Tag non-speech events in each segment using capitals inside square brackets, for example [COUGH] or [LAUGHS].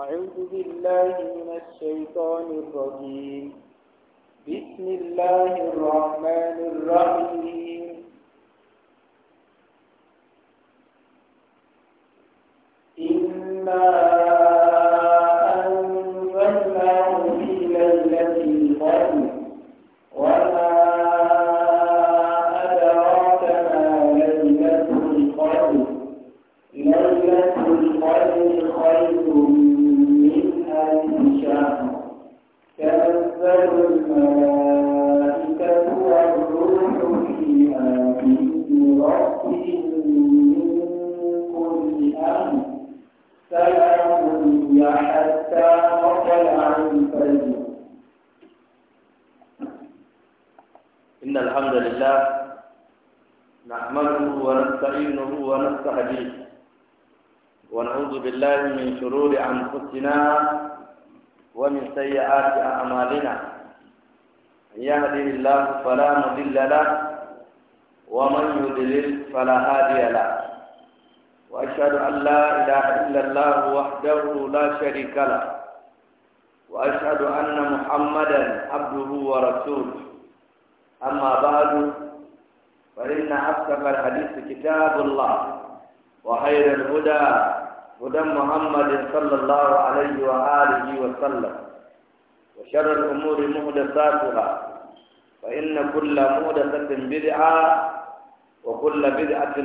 أعوذ بالله من الشيطان الرجيم بسم الله الرحمن الرحيم إِنَّا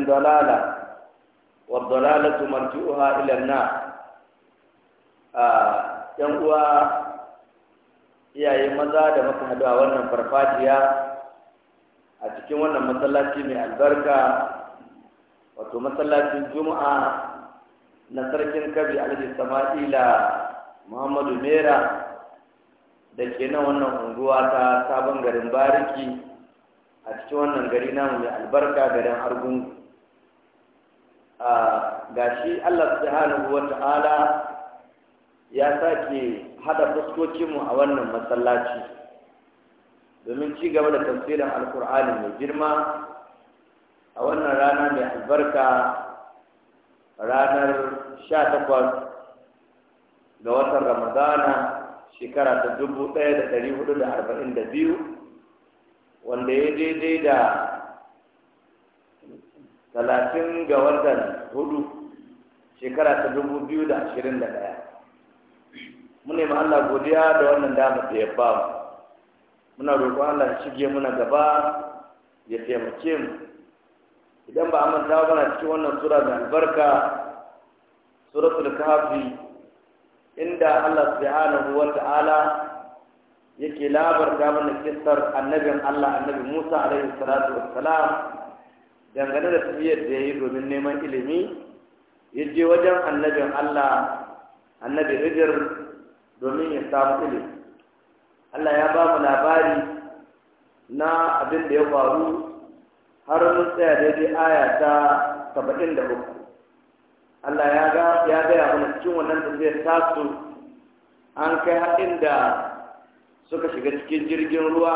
ضلالة والضلالة مرجعها إلى النار yan uwa iyaye maza da muka haɗu a wannan farfajiya a cikin wannan masallaci mai albarka wato masallacin juma'a na sarkin kabi alhaji sama'ila muhammadu mera da ke nan wannan unguwa ta sabon garin bariki a cikin wannan gari namu mai albarka garin argungu gashi Allah subhanahu ta'ala ya sake hada fuskokinmu a wannan masallaci domin ci gaba da tafsirin alkur'ani mai girma a wannan rana mai albarka ranar 18 ga watan ramadana shekara ta 1442 wanda ya daidai da talatin ga watan hudu shekara ta dubu biyu da ashirin da ɗaya mu nemi Allah godiya da wannan damar da ya ba mu muna roƙon Allah ya shige muna gaba ya taimake mu idan ba amanta ba na cikin wannan sura da albarka suratul kafi inda Allah subhanahu wa ta'ala yake labarta mana kisar annabin Allah annabi Musa alaihi salatu wassalam dangane da tafiyar da ya yi domin neman ilimi ya je wajen annabin Allah annabi Hijir domin ya samu ilimi Allah ya ba mu labari na abin da ya faru har mun tsaya daidai aya ta saba'in da uku Allah ya gaya mana cikin wannan tafiyar tasu an kai haɗin da suka shiga cikin jirgin ruwa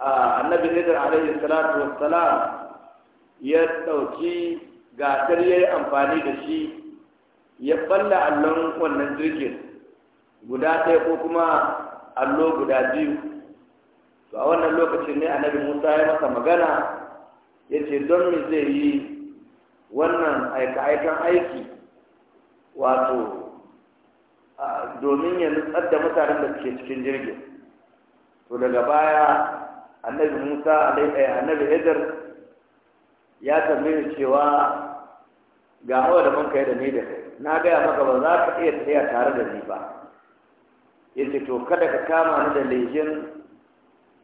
a ah, annabi Hijir alaihi salatu wassalam ya ɗauki gasar ya yi amfani da shi ya balla allon wannan jirgin guda ɗaya ko kuma allo guda biyu to a wannan lokacin ne annabi musa ya masa magana ya ce don me zai yi wannan aika-aikan aiki wato domin ya nutsar da mutanen da suke cikin jirgin to daga baya annabi musa a annabi idar ya tambaye cewa ga hawa da manka da ni da kai na gaya maka ba za ka iya tsaya tare da ni ba yace to kada ka kama ni da lejin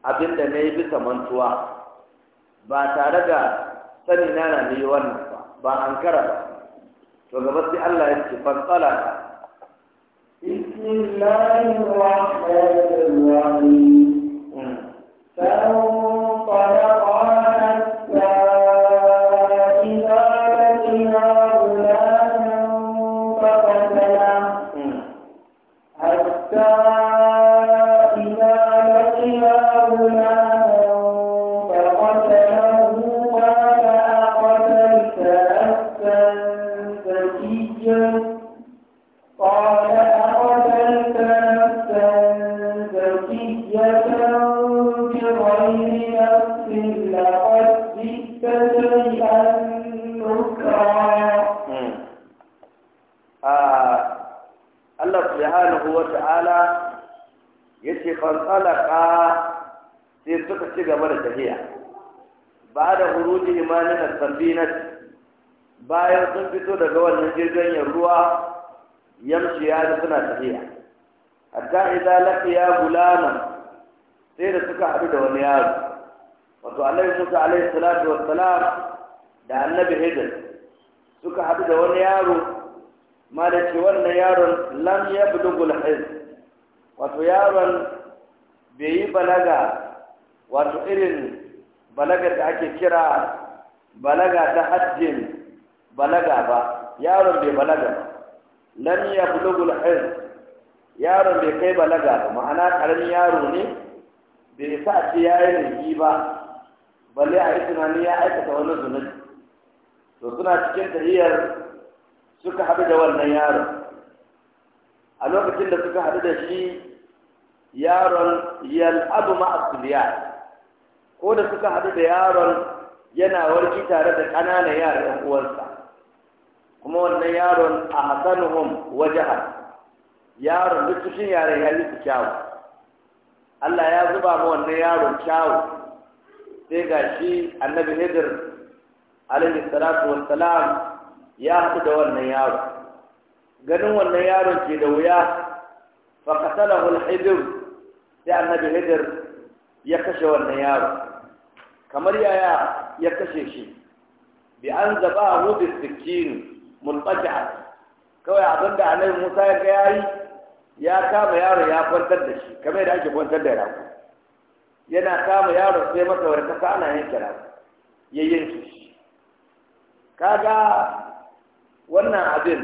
abin da na yi bisa mantuwa ba tare da sani na na yi wannan ba ba an kara ba to gaba sai Allah ya ce fansala Bismillahirrahmanirrahim. Hmm. Allah subhanahu wa ta'ala yace fansalaka sai suka ci gaba da tafiya ba da huruji imanin al-safinat bayan sun fito daga wannan jirgin ruwa yamshi ya suna tafiya hatta idza laqiya gulama sai da suka haɗu da wani yaro wato annabi Musa alaihi salatu wassalam da annabi Hijr suka haɗu da wani yaro ma da ce wannan yaron lam ya bulugul hil wato yaron bai yi balaga wato irin balaga da ake kira balaga ta hajjin balaga ba yaron bai balaga ba lam ya bulugul hil yaron bai kai balaga ba ma'ana karamin yaro ne bai isa a ce ya yi rigi ba balle a yi tunani ya aikata wani zunubi to suna cikin tahiyar suka haɗu da wannan yaron a lokacin da suka haɗu da shi yaron yal'abu ma'asuliya ko da suka haɗu da yaron yana warki tare da ƙananan yaran uwansa kuma wannan yaron a hasanuhum wajaha yaron duk cikin yaran ya yi kyawu Allah ya zuba ma wannan yaron kyawu sai ga shi annabi hidir alaihi salatu salam. ya haɗu da wannan yaro ganin wannan yaro ke da wuya fa qatalahu al-hijr sai annabi hijr ya kashe wannan yaro kamar yaya ya kashe shi bi an zabahu bi sikkin mulqata kawai abinda annabi Musa ya ga yayi ya kama yaro ya kwantar da shi kamar da ake kwantar da yaro yana kama yaro sai masa warkasa ana yanke yaro ya yanke shi kaga wannan abin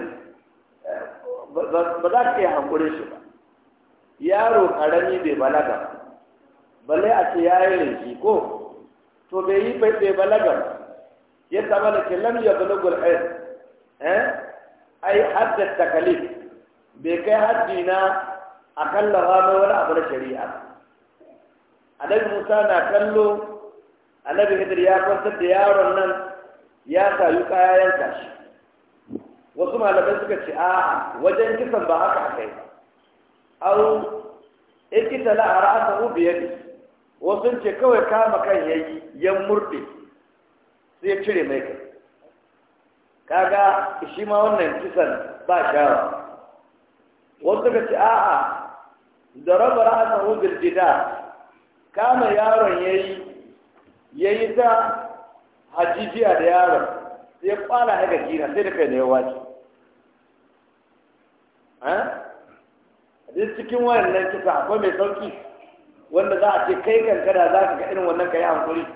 ba za ka iya hankulin shi ba yaro karami bai balaga balle a ce ya yi rinki ko to bai yi bai balaga ya zama da ke lam ya balagul ayin eh ai haddar takalif bai kai haddi na a kan rana wani abu na shari'a annabi musa na kallo annabi hidir ya kwantar da yaron nan ya sayu kayayen kashi wasu malamai suka ce a wajen kisan ba haka kai au ikita la ubi ubiyadi wasu ce kawai kama kan yayi ya murde sai ya cire mai kai kaga shi ma wannan kisan ba shawa wasu suka ce a'a da raba ra'asa bil jida kama yaron yayi yayi ta hajijiya da yaron sai ya kwala ya gajina sai da kai ne ya wace duk cikin wayannan kisa akwai mai sauki wanda za a ce kai kankana za ka ga irin wannan ka yi hankuri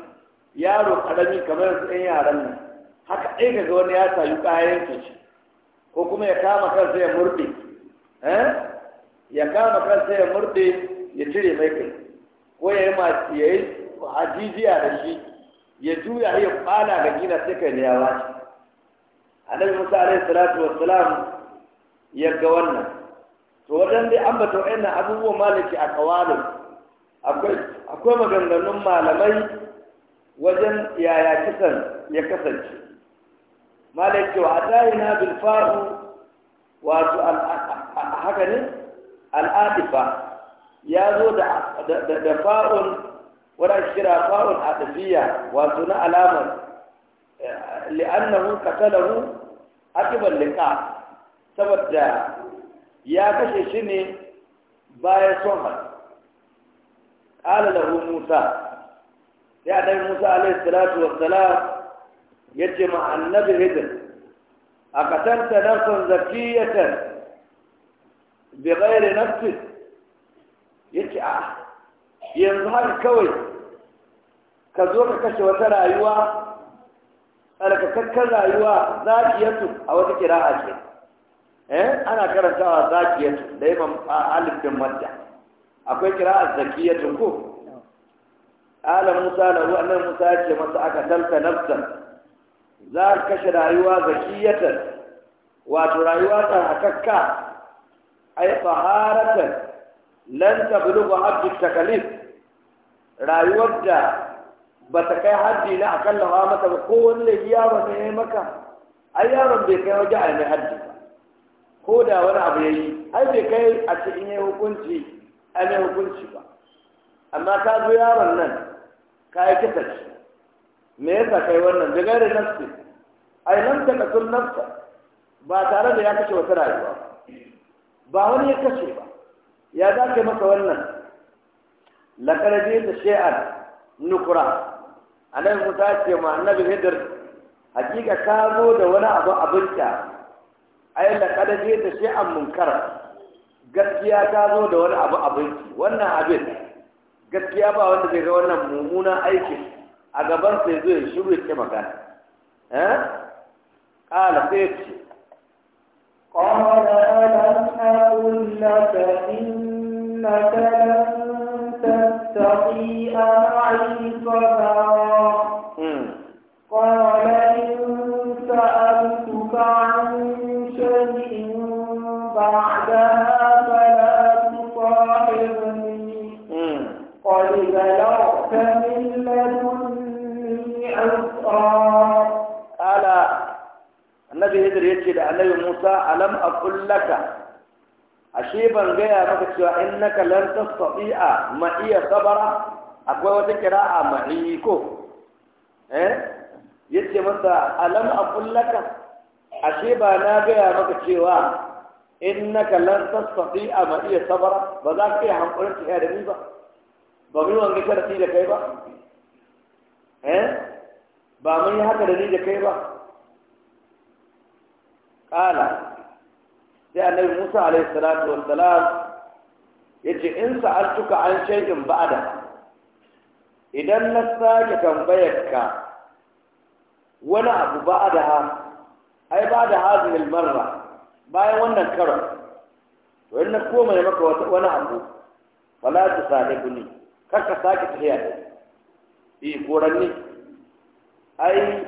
yaro karami kamar su ɗan yaran nan haka ɗaya ka ga wani ya sayu kayan shi ko kuma ya kama kansa ya murɗe ya kama kansa ya murɗe ya cire mai kai ko ya yi ajijiya da shi ya juya ya kwana ga gina sai kai ne ya wace annabi musa alaihi salatu salam ya ga wannan to wajen dai an bata wa'annan abubuwa maliki a kawalin akwai akwai maganganun malamai wajen yaya kisan ya kasance maliki wa atayina bil faru wato haka ne al'adifa ya zo da fa'un wadda kira fa'un adafiya wato na alamar eh, li'annahu qatalahu akibar liƙa saboda ya kashe shi ne bayan son haɗu ƙala hu musa sai a ɗan musa alaihi salatu wassalam ya ce ma annabi hidin a katanta nafsan zakiyatar bi ghairi nafsi ya ce a yanzu har kawai ka zo ka kashe wata rayuwa tsarkakakkar rayuwa zakiyatu a wata kira ce eh ana karantawa zakiyatu da imam alif din madda akwai kira'a zakiyatu ko ala musa lahu annabi musa ya ce masa aka talta nafsa za ka kashe rayuwa ta. wato rayuwa ta a tsarkakakka ai taharatan lan ba abdu takalif rayuwar da ba ta kai haddi na akalla ma maka ba ko wani laifi yaron ne ya maka ai yaron bai kai waje a mai haddi ba ko da wani abu ya yi ai bai kai a ce in yi hukunci a mai hukunci ba amma ka zo yaron nan ka yi kisa shi me yasa kai wannan da gaira nafsi ai nan ta kasul nafsa ba tare da ya kashe wata rayuwa ba wani ya kashe ba ya za ka maka wannan lakarabi da shi'ar nukura. annabi musa ce ma annabi hidir hakika ka zo da wani abu abin kya ai ta shi an munkar gaskiya ta zo da wani abu abinki wannan abin gaskiya ba wanda zai ga wannan mummunan aikin a gaban sai zo ya shiru ya ce magana eh qala sai ce قال ألم أقل Khidir ya ce da annabi Musa alam aqul laka ashe ban gaya maka cewa innaka lan tastati'a ma iya sabara akwai wata kira ma ko eh yace masa alam aqul laka ashe ba na gaya maka cewa innaka lan tastati'a ma iya sabara ba za ka iya hankurin ta da ni ba ba mu wanga karfi da kai ba eh ba mun yi haka da ni da kai ba ƙala sai annabi musa alaihi salatu wassalam ya ce in sa'altuka an shaikin ba'ada. idan na sake tambayar ka wani abu ba'ada ha ai ba'da hazin marra bayan wannan karon to in na koma ya maka wani abu fala ta ne. kar ka sake tafiya da bi koranni ai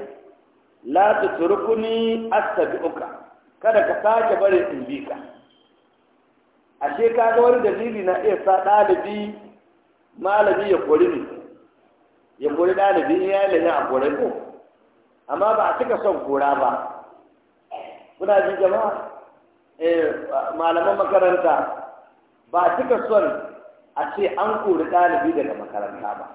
la turkuni astabi'uka kada ka sake barin in bi ka ashe ka ga wani dalili na iya sa ɗalibi malami ya kori ne ya kori ɗalibi in ya yi a kori ko amma ba a cika son kora ba kuna ji jama'a eh, malaman makaranta ba a cika son a ce an kori ɗalibi daga makaranta ba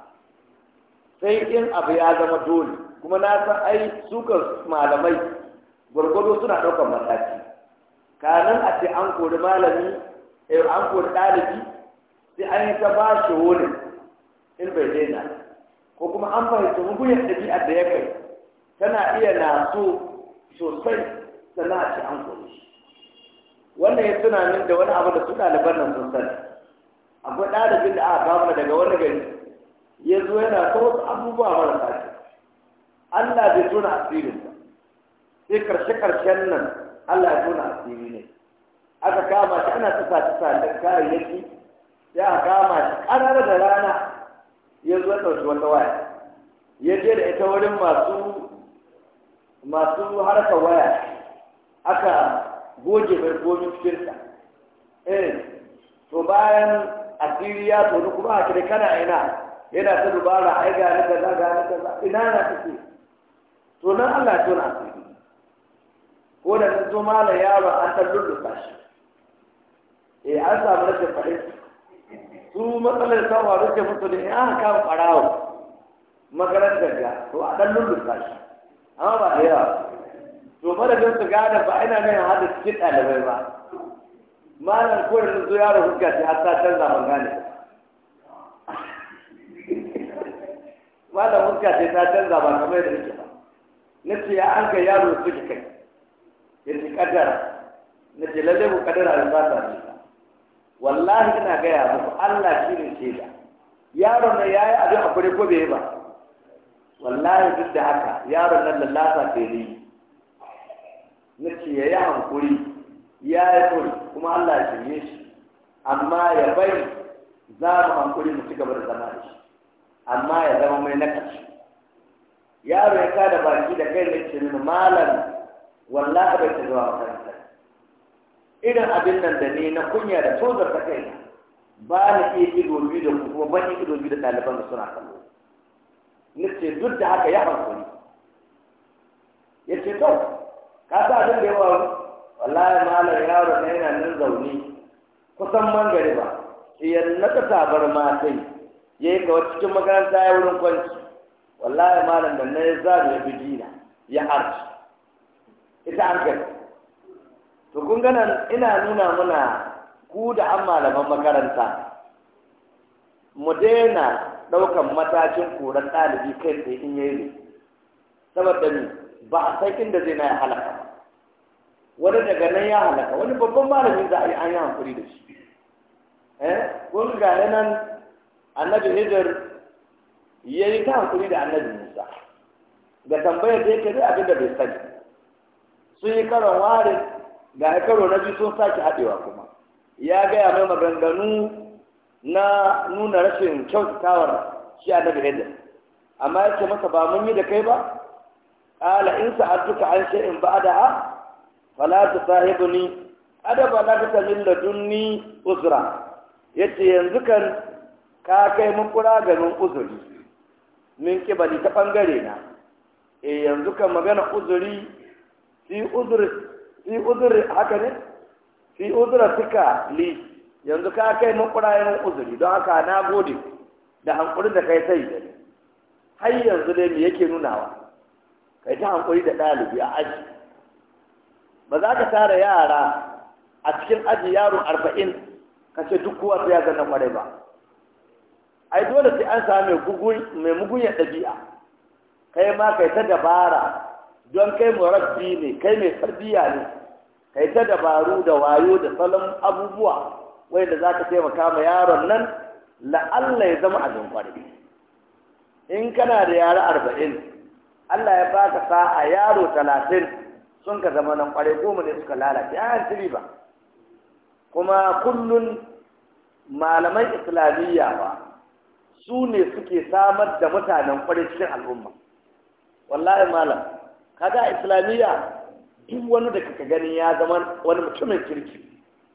sai in abu ya zama dole kuma na san ai sukan malamai gwargwado suna ɗaukar mataki kanan a ce an kori malami eh, an kori ɗalibi sai an yi ta ba shi wani in bai daina ko kuma an fahimci mugunyar ɗabi'ar da ya kai tana iya na so sosai sannan a ce an kori shi wannan ya tunanin da wani abu da su ɗaliban nan sun sani akwai ɗalibin da aka kama daga wani gari ya zo yana ta wasu abubuwa marasa kyau Allah bai tona asirin sai karshe-karshen nan Allah ya tona asiri ne aka kama shi ana tufa tufa da kayayyaki ya aka kama shi ƙarar da rana ya zo ɗauki wata waya ya je da ita wurin masu masu harkar waya aka goge mai gomi cikinsa eh to bayan asiri ya tonu kuma a kiri kana ina yana ta dubara ai ga ni kaza ga ni kaza ina na kake to nan Allah ya tona asiri ko da ta zo malam yaro an ta lulluka shi eh an samu rashin fahimta su matsalar ta faru ce musu ya an ah, kama ɓarawo makarantar ga to a ɗan lulluka shi amma ba da yawa to madadin su gane ba ina nan hada cikin ɗalibai ba malam ko da zo yaro hujja ce har ta canza ban gane malam hujja ce ta canza ban kamar da nake ba Na ce ya an kai yaro su kai yanzu kadara na ce lalle ku kadara da ba ta nisa wallahi ina gaya muku Allah shi ne da. yaron nan yayi abin a ko bai ba wallahi duk da haka yaron nan lallata ta ne na ce ya yi hankuri ya yi kuri kuma Allah ya ne shi amma ya bai za mu hankuri mu ci gaba da zama da shi amma ya zama mai nakashi yaro ya kada baki da kai ne ce malam wallahi bai ta zuwa makaranta irin abin nan da ne na kunya da tozar ta kai ba ni iya ido biyu da ku kuma ban yi ido biyu da ɗaliban da suna kallo ni ce duk da haka ya hankali ya ce to ka sa abin da yawa wallahi malam yaro na yana nan zaune kusan mangariba iyan na ta tabar ma sai ya yi kawai cikin makaranta ya wurin kwanci wallahi malam da na ya zaɓi ya bi dina ya harci ita an gani to kun gana ina nuna muna ku da an malaman makaranta mu daina ɗaukan matakin koran ɗalibi kai tsaye in yayi ne saboda ni ba a san inda zai na ya halaka wani daga nan ya halaka wani babban malamin za a yi an yi hankuri da shi eh kun ga nan annabi hijir ya yi ta hankuri da annabi musa da tambayar da yake zai abin da bai sani sun yi karon ware ga karo na biyu sun sake haɗewa kuma ya gaya mai maganganu na nuna rashin kyautatawar shi annabi Idris amma ya ce masa ba mun yi da kai ba qala in sa'atuka an shay'in ba'daha fala tusahibni adaba da dunni uzura. Ya ce yanzu kan ka kai mun kura ganin uzuri min kibali ta bangare na eh yanzu kan magana uzuri fi uzuri haka ne fi uzura suka li yanzu ka kai makurayen uzuri don haka na gode da hankulin da kai sai da har yanzu dai me yake nunawa kai ta hankuri da ɗalibi a aji ba za ka tara yara a cikin aji yaro arba'in ka ce duk kowa ya zanna kwarai ba ai dole sai an sami mai mugunyar ɗabi'a kai ma kai ta dabara don kai rabbi ne kai mai tarbiyya ne kai ta dabaru da wayo da salon abubuwa Wai da za ka taimaka ma yaron nan la'alla ya zama abin kwarai in kana da yara arba'in allah ya baka sa'a yaro talatin sun ka zama nan kwarai goma ne suka lalace ya ci riba kuma kullun malaman islamiyya ba su ne suke samar da mutanen kwarai cikin al'umma wallahi malam kaga a islamiyya duk wani da kaka gani ya zama wani mutumin kirki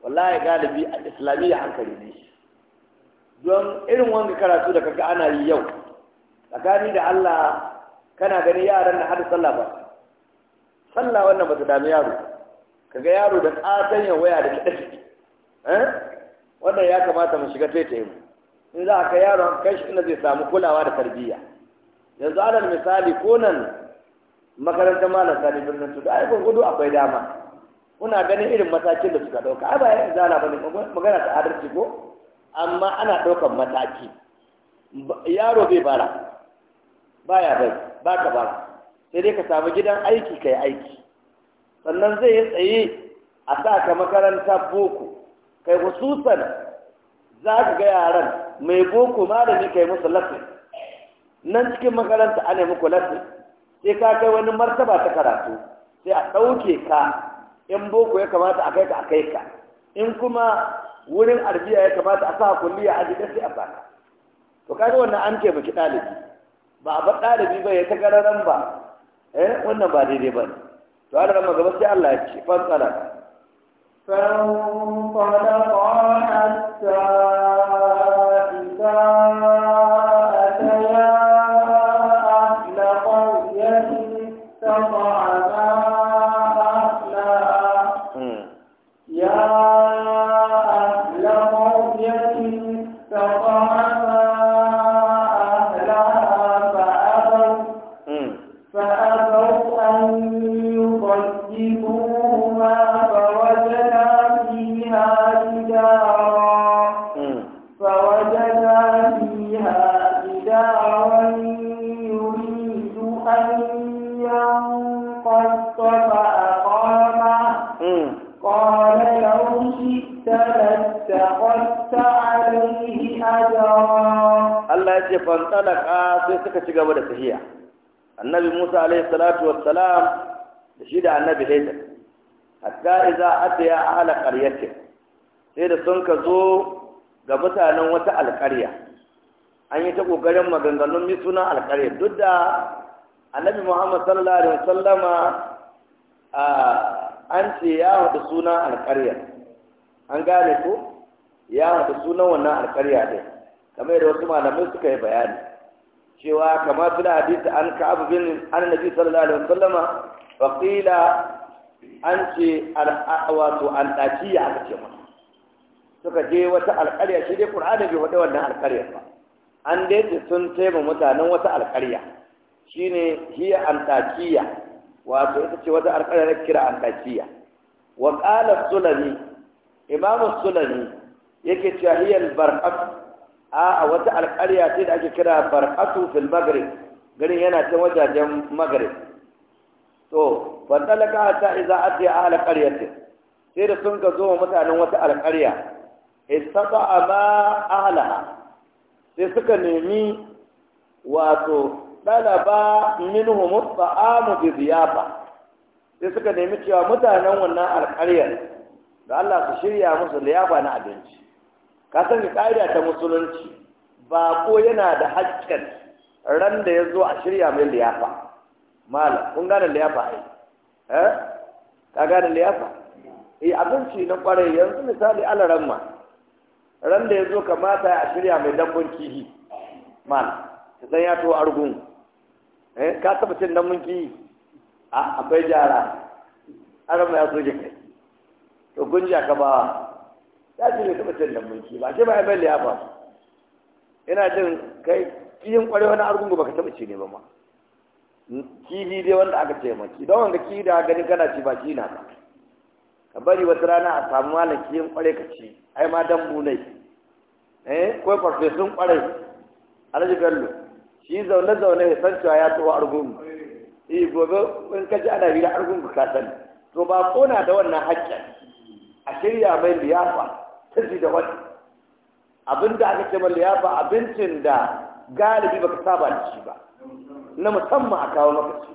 wallahi galibi a islamiyya hankali ne don irin wanda karatu da kaga ana yi yau tsakani da Allah kana gani yaran da hada sallah ba sallah wannan ba ta dami yaro kaga yaro da katon ya waya da kiɗa eh wannan ya kamata mu shiga taitaye mu in za a kai yaro kai shi inda zai samu kulawa da tarbiyya yanzu alal misali ko nan Makaranta malam sani birnin tudu ai gudu akwai dama kuna ganin irin matakin da suka ɗauka ai ba ya zala bane magana ta adalci ko amma ana ɗaukan mataki yaro bai bara baya bai ba ka bara sai dai ka samu gidan aiki kai aiki sannan zai yi tsaye a sa ka makaranta boko kai hususan za ka ga yaran mai boko malami kai musu lafi nan cikin makaranta ana muku lafi sai ka kai wani martaba ta karatu sai a ɗauke ka in boko ya kamata a kai ka a kai ka in kuma wurin arbiya ya kamata a sa kulli a jikin sai a baka to ga wannan an ke baki ɗalibi ba a bar ɗalibi ba ya ta gararan ba eh wannan ba daidai ba ne to an rama gaba sai Allah ya ce fantsara فانطلقا حتى Allah ce fantsalaka sai suka ci gaba da tahiya annabi Musa alaihi salatu wassalam da shi da annabi Hijr hatta idza ataya ahla qaryati sai da sun ka zo ga mutanen wata alƙarya an yi ta kokarin maganganun mi sunan alƙarya duk da annabi Muhammad sallallahu alaihi wasallama a an ce ya hudu sunan alƙarya an gane ko ya hudu sunan wannan alƙarya dai kamar yadda wasu malamai suka yi bayani cewa kamar suna hadisi an ka'ab bin annabi sallallahu alaihi wasallam fa qila an ce wato an daci ya aka ce masa suka je wata alƙarya shi dai qur'ani bai wada wannan alƙarya ba an dai ce sun taimaka mutanen wata alƙarya shine hiya antakiya wato ita ce wata alƙarya na kira antakiya wa qala sulani, imamu sulani yake cewa hiya al-barqat a wata alƙarya ce da ake kira farhatu fil magrib garin yana can wajajen magrib to fadalaka ta iza ati ahla qaryati sai da sun ka zo mutanen wata alƙarya istata ma ahlaha sai suka nemi wato dalaba minhum ta'amu bi ziyafa sai suka nemi cewa mutanen wannan alƙaryar da Allah su shirya musu liyafa na abinci ka sani ƙa'ida ta musulunci ba ko yana da haƙƙin ran da ya zo a shirya mai liyafa malam kun gane liyafa ai eh ka gane liyafa eh abinci na kwarai yanzu misali alaran ma ran da ya zo kamata a shirya mai dambun kihi malam ka zan ya to argun eh ka taɓa cin dambun kihi a ah, akwai jara aran ya so kai to gunja ka ba ya ce bai taɓa cin mulki ba ce ba ya balle ya ba ina jin kai cikin kwarewa na argungu baka taɓa ci ne ba ma kihi dai wanda aka ce maki don wanda kihi da gani kana ci ba kihi na ba ka bari wata rana a samu malam cikin kware ka ci ai ma dan bunai eh ko farfesun kware alaji bello shi zaune zaune ya san cewa ya taho argungu eh gobe in ka ji ana da argungu ka sani to ba kona da wannan haƙƙin a shirya mai liyafa sirri da wani abin da aka ce liyafa abincin da galibi baka saba da shi ba na musamman a kawo maka shi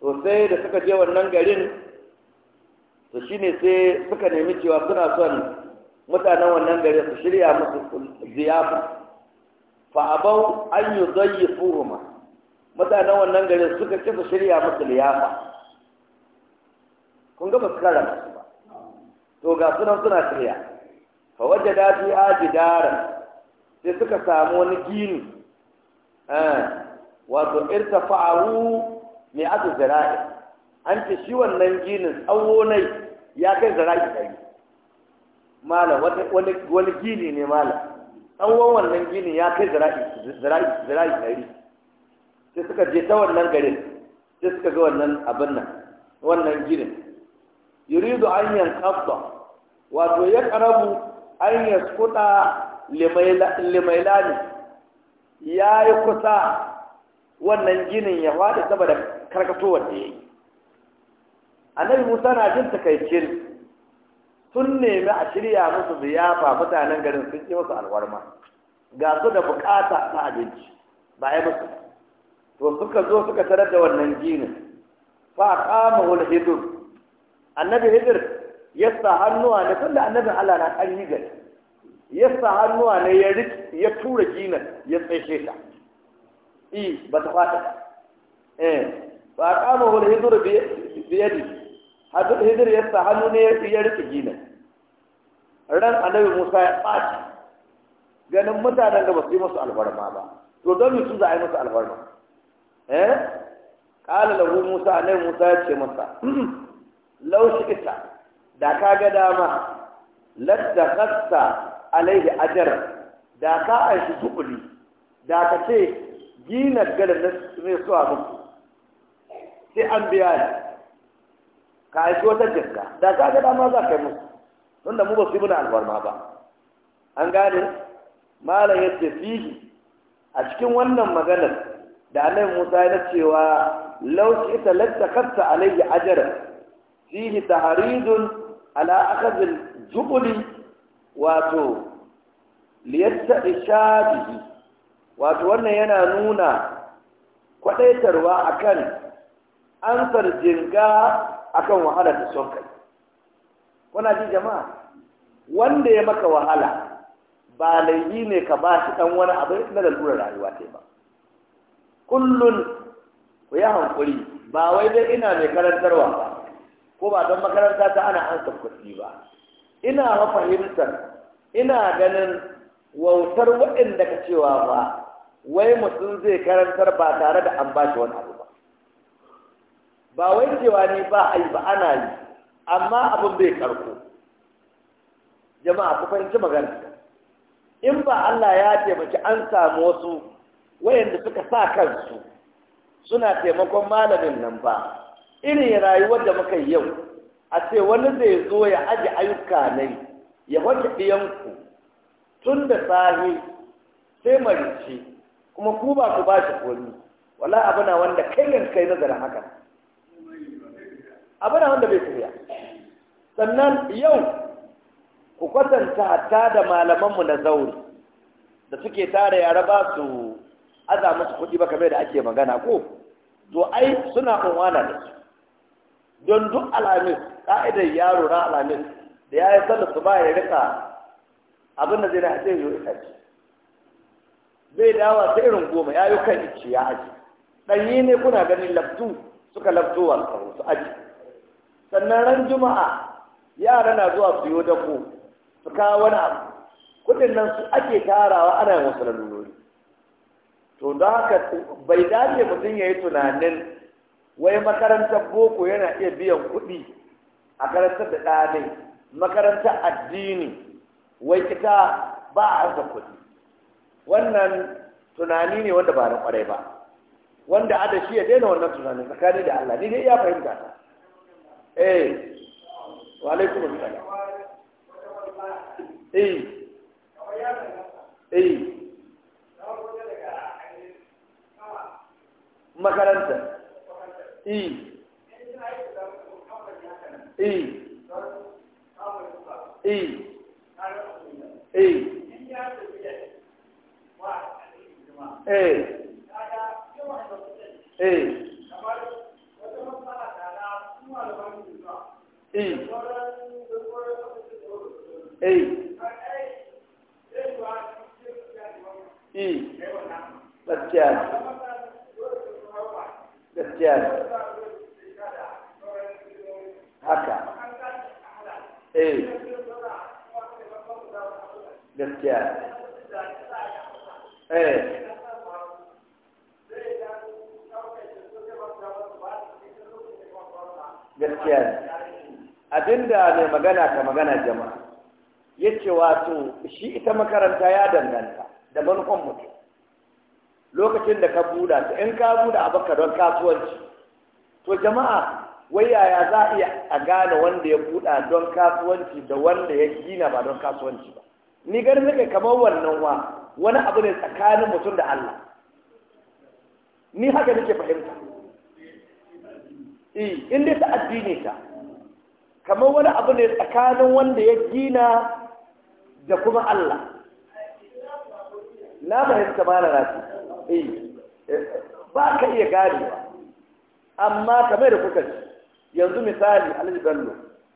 to sai da suka je wannan garin to shine sai suka nemi cewa suna son mutanen wannan garin su shirya musu ziyafa fa abau an yi furuma, mutanen wannan garin suka ce su shirya musu liyafa kun ga ba su kara ba to ga sunan suna shirya fa wajada fi ajidaran sai suka samu wani gini eh, wato irtafa'u mai aka zara'i an ce shi wannan ginin tsawo nai ya kai zira'i ɗari malam wani gini ne malam tsawon wannan gini ya kai zira'i ɗari sai suka je ta wannan garin sai suka ga wannan abin nan wannan ginin yuridu an yan wato ya karabu an yaskuta limailani ya yi kusa wannan ginin ya faɗi saboda karkatowar da ya yi annabi musa na jin takaicin sun nemi a shirya musu ziyafa mutanen garin sun yi musu alwarma ga su da bukata ta abinci ba ya musu to suka zo suka tarar da wannan ginin fa kama wani annabi hidir yasa hannuwa na tunda annabin Allah na ƙarni gari yasa hannuwa na ya rik ya tura jina ya tsaye ta i ba ta fata eh ba kama wani hidur biyadi hadur hidur yasa hannu ne ya rik jina. ran annabi Musa ya ɓaci ganin mutanen da ba su yi musu albarma ba to don mutum za a yi musu albarma eh qala lahu Musa annabi Musa ya ce masa hmm, shi ita. da ka ga dama ladda kasta alaihi ajar da ka aishi tukuli da ka ce gina gada na ne suwa muku sai an biya ne ka aishi wata jinka da ka ga dama za ka yi musu don da mu ba su yi muna alfarma ba an gane malam ya ce fihi a cikin wannan maganar da annabi musa ya cewa lauci ita ladda kasta alaihi ajar fihi tahridun ala akazin jubuli wato liyatta ishabihi wato wannan yana nuna kwadaitarwa akan ansar jinga akan wahala da son kai kuna ji jama'a wanda ya maka wahala ba laifi ne ka ba shi dan wani abu na lura rayuwa ta ba kullun ku yi hankuri ba wai dai ina mai karantarwa ba ko ba don makaranta ta ana an kuɗi ba ina mafahimtar ina ganin wautar waɗanda ka cewa ba wai mutum zai karantar ba tare da an ba shi wani abu ba ba wai cewa ne ba a yi ba ana yi amma abin bai karko jama'a ku fahimci magana in ba Allah ya taimaki an samu wasu wayanda suka sa kansu suna taimakon malamin nan ba irin rayuwar da muka yi yau a ce wani zai zo ya aji ayyuka ne ya wata ɗiyanku tun da sahi sai marice kuma ku ba ku ba shi komi wala abu na wanda kai ne kai nazarin haka abu na wanda bai tafiya sannan yau ku kwatanta hatta da malamanmu na zauri da suke tara yara ba su aza musu kuɗi ba kamar da ake magana ko to ai suna unwana da su don duk alamin ƙa'idar yaro na alamin da ya yi sallar su ba ya rika abin da zai na yi ci zai dawa ta irin goma ya yi kan ice ya aji ɗanyi ne kuna ganin laftu suka lafto wa alƙaru su aji sannan ran juma'a yara na zuwa su yi ku su kawo wani abu kudin nan su ake tarawa ana yin wasu lalurori to don haka bai dace mutum ya yi tunanin wai makarantar boko yana iya biyan kuɗi a karantar da ɗalai makarantar addini wai ita ba a harkar kuɗi wannan tunani ne wanda ba na ƙwarai ba wanda ada shi ya daina wannan tunanin tsakani da Allah ni dai ya fahimta ta eh wa alaikum assalam eh eh makaranta Eh. Eh. Eh. gaskiya gaskiya ne haka eh gaskiya ne eh gaskiya ne abinda mai magana ka magana jama'a ya ce wato shi ita makaranta ya danganta da manufan mutum lokacin da ka buɗa ta in ka buɗa baka don kasuwanci to jama'a wai yaya za a iya a gane wanda ya buɗa don kasuwanci da wanda ya gina ba don kasuwanci ba ni ganin zai kamar wannan wa wani abu ne tsakanin mutum da Allah ni haka nake fahimta E, in dai ta addini ta kamar wani abu ne tsakanin wanda ya gina da kuma Allah na fahimta ba na rafi Eh, eh, ba ka iya ba, amma kamar da kuka ci yanzu misali alhaji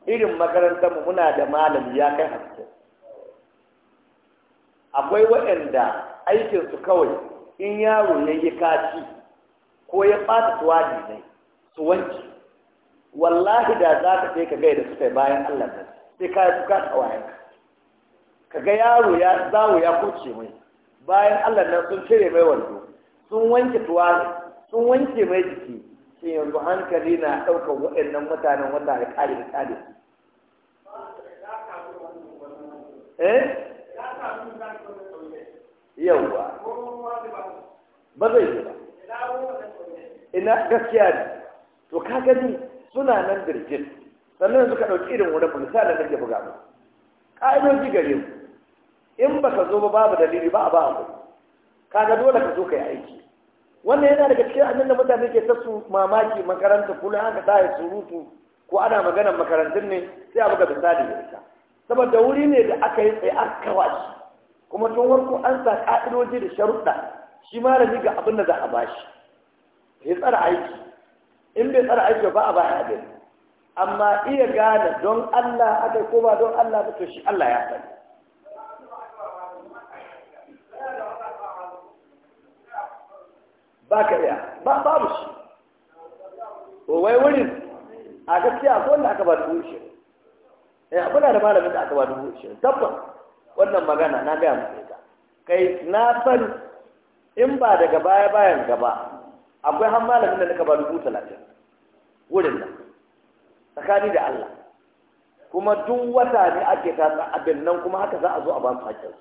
irin makarantar mu muna da malami ya kai haske akwai waɗanda aikinsu kawai in yaro ya yi kaci ko ya ɓata tuwali ne su wanci wallahi da za ka sai ka gai da suka yi bayan allah sai ka yi tuka a ka ga yaro ya zawo ya kuce mai bayan Allah nan sun cire mai wando sun wanke tuwali sun wanke mai jiki shi yanzu hankali na ɗaukar waɗannan mutanen wanda da ƙari da ƙari eh yawa ba zai yi ba ina gaskiya ne to ka gani suna nan birjin sannan suka ɗauki irin wani misalin da ke buga mu ƙa'idoji gare mu in ba ka zo ba babu dalili ba a ba abu kaga dole ka zo ka yi aiki wannan yana daga cikin annan da mutane ke ta su mamaki makaranta kullum aka tsaya surutu ko ana maganar makarantun ne sai a buga misali da ita saboda wuri ne da aka yi tsaye aka shi kuma tun warko an sa ka'idoji da sharuɗa shi rami ga abin da za a bashi ya tsara aiki in bai tsara aiki ba a ba a amma iya gane don Allah aka ko ba don Allah ba to shi Allah ya sani ba ka iya ba babu shi wai wurin a gaskiya ko wanda aka ba dubu ishirin eh muna da malamin da aka ba dubu ishirin tabbas wannan magana na gaya muku ita kai na san in ba daga baya bayan gaba akwai har malamin da aka ba dubu talatin wurin nan tsakani da Allah kuma duk wata ne ake tasa abin nan kuma haka za a zo a ba su hakkin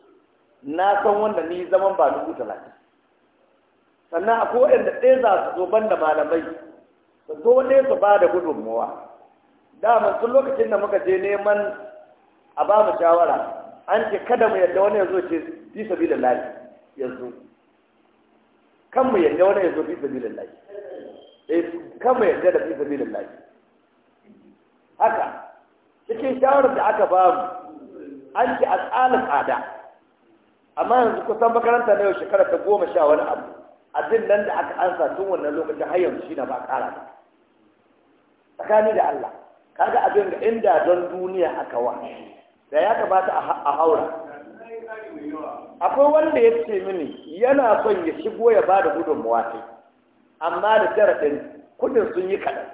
na san wanda ni zaman ba dubu talatin sannan akwai waɗanda ɗaya za su zo ban da malamai su zo ne su ba da gudunmuwa dama sun lokacin da muka je neman a ba mu shawara an ce kada mu yadda wani ya zo ce fi sabi da lafi ya zo kan mu yadda wani ya zo fi sabi da lafi eh kan mu yadda da fi sabi da lafi haka cikin shawarar da aka ba mu an ce a tsalin tsada amma yanzu kusan makaranta na yau shekara ta goma sha wani abu abin nan da aka ansa tun wannan lokacin har yanzu shine ba ƙara ba tsakani da Allah kaga abin da inda don duniya aka wa da ya kamata a haura akwai wanda ya ce mini yana son ya shigo ya bada da gudunmawa amma da jaraɗin kudin sun yi kaɗan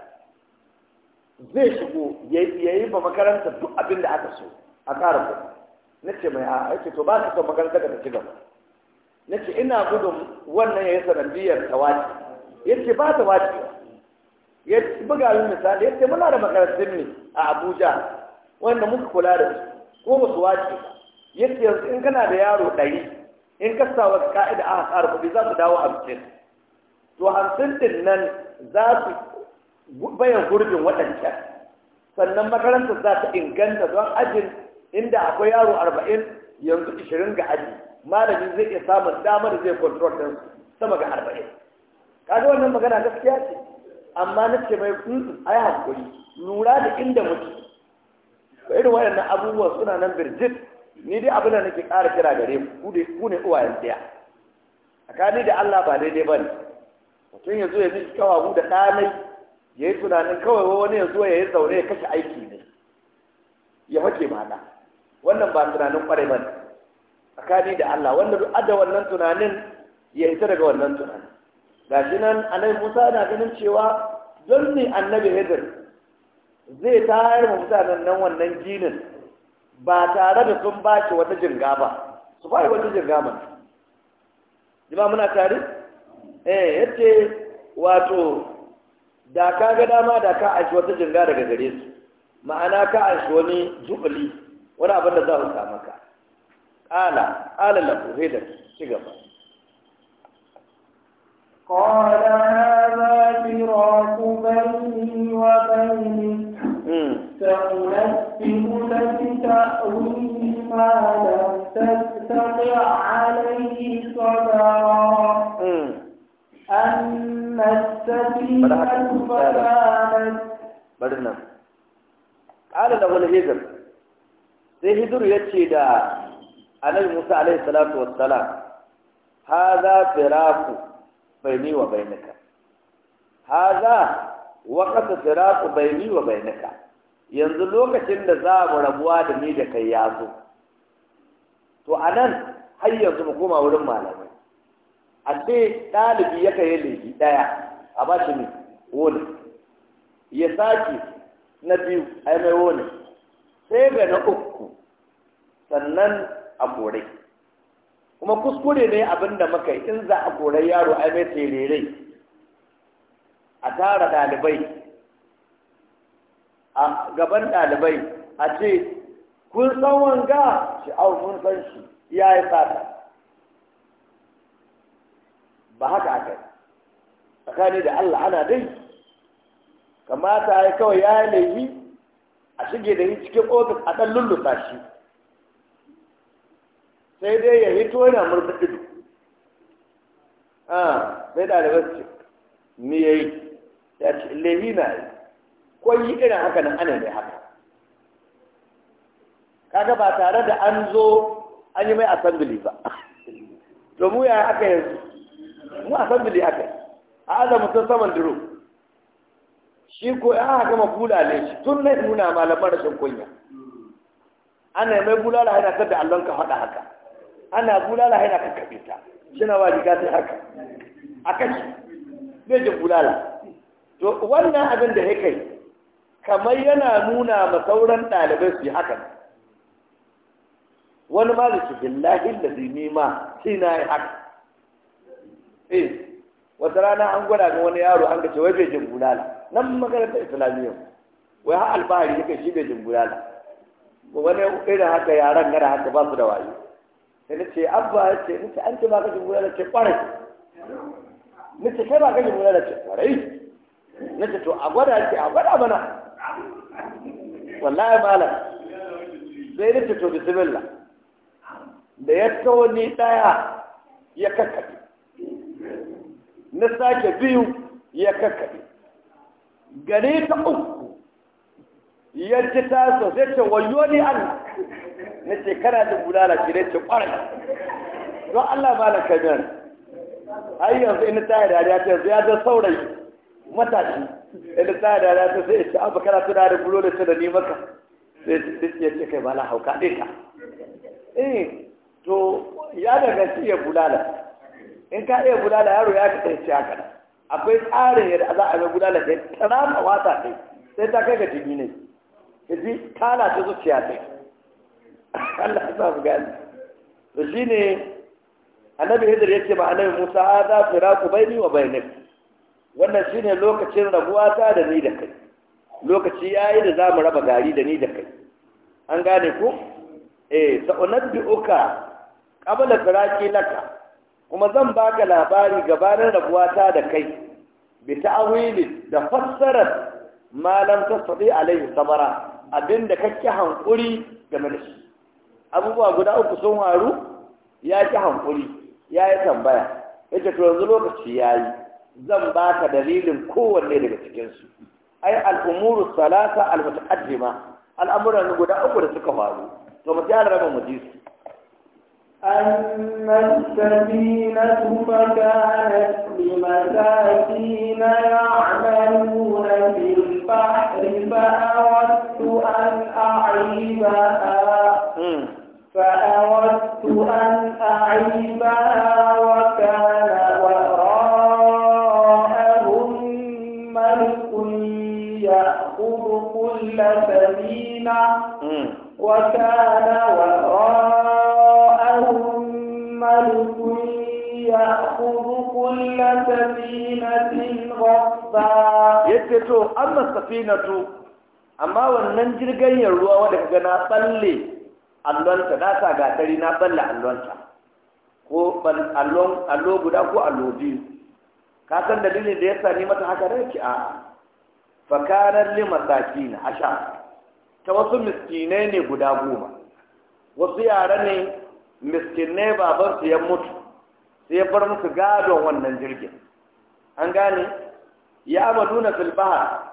zai shigo ya yi ba makaranta duk abin da aka so a ƙara ku. na ce mai a ake to ba su son makaranta ka ta ci gaba na ce ina gudun wannan ya yi sanadiyar tawaci ya ce ba tawaci ya buga min misali ya ce muna da makarantun ne a abuja wanda muka kula da su ko ba su wace ya ce yanzu in kana da yaro ɗari in ka sa wasu ka'ida a tsara kuɗi za su dawo hamsin to hamsin din nan za su bayan gurbin waɗancan sannan makarantar za ta inganta don ajin inda akwai yaro arba'in yanzu ishirin ga aji malami zai iya samun damar zai control din sama ga arba'in kaga wannan magana gaskiya ce amma na ce mai kun mm, ai hakuri lura da inda mutu ko irin waɗannan abubuwan suna nan birjit ni dai abin da nake ƙara kira gare ku ku ne uwayen tsaya ni da Allah ba daidai ba ne mutum ya zo ya miki da ɗanai ya yi tunanin kawai wani ya zo ya yi zaune ya kashe aiki ne ya fake mana wannan ba tunanin ƙwarai ba tsakani da Allah wanda duk adda wannan tunanin ya isa daga wannan tunanin gashi nan annabi Musa na ganin cewa don ne annabi Hidir zai tayar mu mutanen nan wannan ginin ba tare da sun baki wata jinga ba su bai wata jinga ba jima muna tare eh yace wato da ka ga dama da ka aiki wata jinga daga gare su ma'ana ka aiki wani jubali wani abin da za su samu ka ala ala la kuhida ci gaba qala hadha firaqu bayni wa bayni hmm. sa'unatti ulatta awni ma la tastati alayhi sabara hmm. anna tasbihu fa'alat badna ala la kuhida sai hidur yace da annabi Musa alayhi salatu wassalam hadha firaku baini wa bainika hadha waqtu firaku baini wa bainika yanzu lokacin da za mu rabuwa da ni da kai ya zo to anan har yanzu mu koma wurin malamai a ce ɗalibi ya kai laifi ɗaya a ba shi ne wani ya sake na biyu a mai wani sai ga na uku sannan a kore kuma kuskure ne abin da muka in za a kore yaro a mai terere a tara ɗalibai a gaban ɗalibai a ce kun san wanga shi au mun san shi ya yi fata ba haka aka tsakani da Allah ana dai kamata ya kawai ya yi laifi a shige da yi cikin ofis a ɗan lulluta shi sai dai ya hito a murza ido ah sai da su ce ni ya yi ya ce lehi na yi ko yi irin haka nan ana ne haka kaga ba tare da an zo an yi mai assembly ba [LAUGHS] to mu ya aka yanzu mu assembly aka a aza mutum saman duro shi ko ya haka ma bulale shi tun na nuna malaman rashin kunya ana mai bulala yana da allon ka faɗa haka ana bulala yana kakkaɓe ta shina wa riga sai haka a ne zai ji bulala to wannan abin da ya kai kamar yana nuna ma sauran ɗalibai su haka. wani ma da su billahi da zini ma shi na yi haka eh wata rana an gwada ga wani yaro an gace wai bai jin bulala nan makarantar islamiyya wai har alfahari yake shi bai jin bulala wani irin haka yaran gara haka ba su da wayo na ce abba ya ce nace an ce ba ka jin da ce kwarai nace kai ba ka jin da ce kwarai ce to a gwada ce a gwada mana wallahi malam sai ce to bismillah da ya tsawo ni daya ya kakkaɓe na sake biyu ya kakkaɓe gare ta uku ya ji taso zai ce wayo ni Allah na ce kana da bulala ce ne ce kwarai don Allah ba na kamiyar ai yanzu ina ta da ya ce ya da saurayi matashi ina ta da ya ce sai ce abu kana tuna da bulo da ta da ni maka sai ya ce kai ba la hauka ɗin ka eh to ya daga shi ya bulala in ka iya bulala yaro ya kaɗa ci haka akwai tsarin yadda za a yi bulala sai ta rasa wata ɗin sai ta kai ga jini ne ji tana ta zuciya ne Allah ya samu gani to shine annabi hidir yake ma annabi Musa hada firaku baini wa baini wannan shine lokacin rabuwa ta da ni da kai lokaci yayi da zamu raba gari da ni da kai an gane ku eh sa'unabbi uka qabla firaki laka kuma zan baka labari gabanin rabuwa ta da kai bi ta'wili da fassarar ma lam tasdi alayhi sabara abinda kake hankuri game da shi abubuwa guda uku sun waru ya ki hankuri ya yi tambaya yace to yanzu lokaci ya yi, zan baka dalilin kowanne daga cikin su ai al'umuru umuru salasa al-mutaqaddima al'amuran guda uku da suka faru to mu tsaya raba mu ji su أن السفينة فكانت لمساكين na في فأردت أن أعيبها فأردت أن أعيبها وكان وراءهم ملك يأخذ كل سفينة وكان وراءهم ملك yake to amma safinatu amma wannan jirgin ruwa wanda kaga na tsalle allonta na sa gatari na tsalle allonta ko allon allo guda ko allo biyu ka san dalilin da ya ni mata haka rake a fakaran li masakin asha ta wasu miskinai ne guda goma wasu yara ne miskinai su ya mutu sai ya bar muku gadon wannan jirgin an gane ya Maduna silbaha,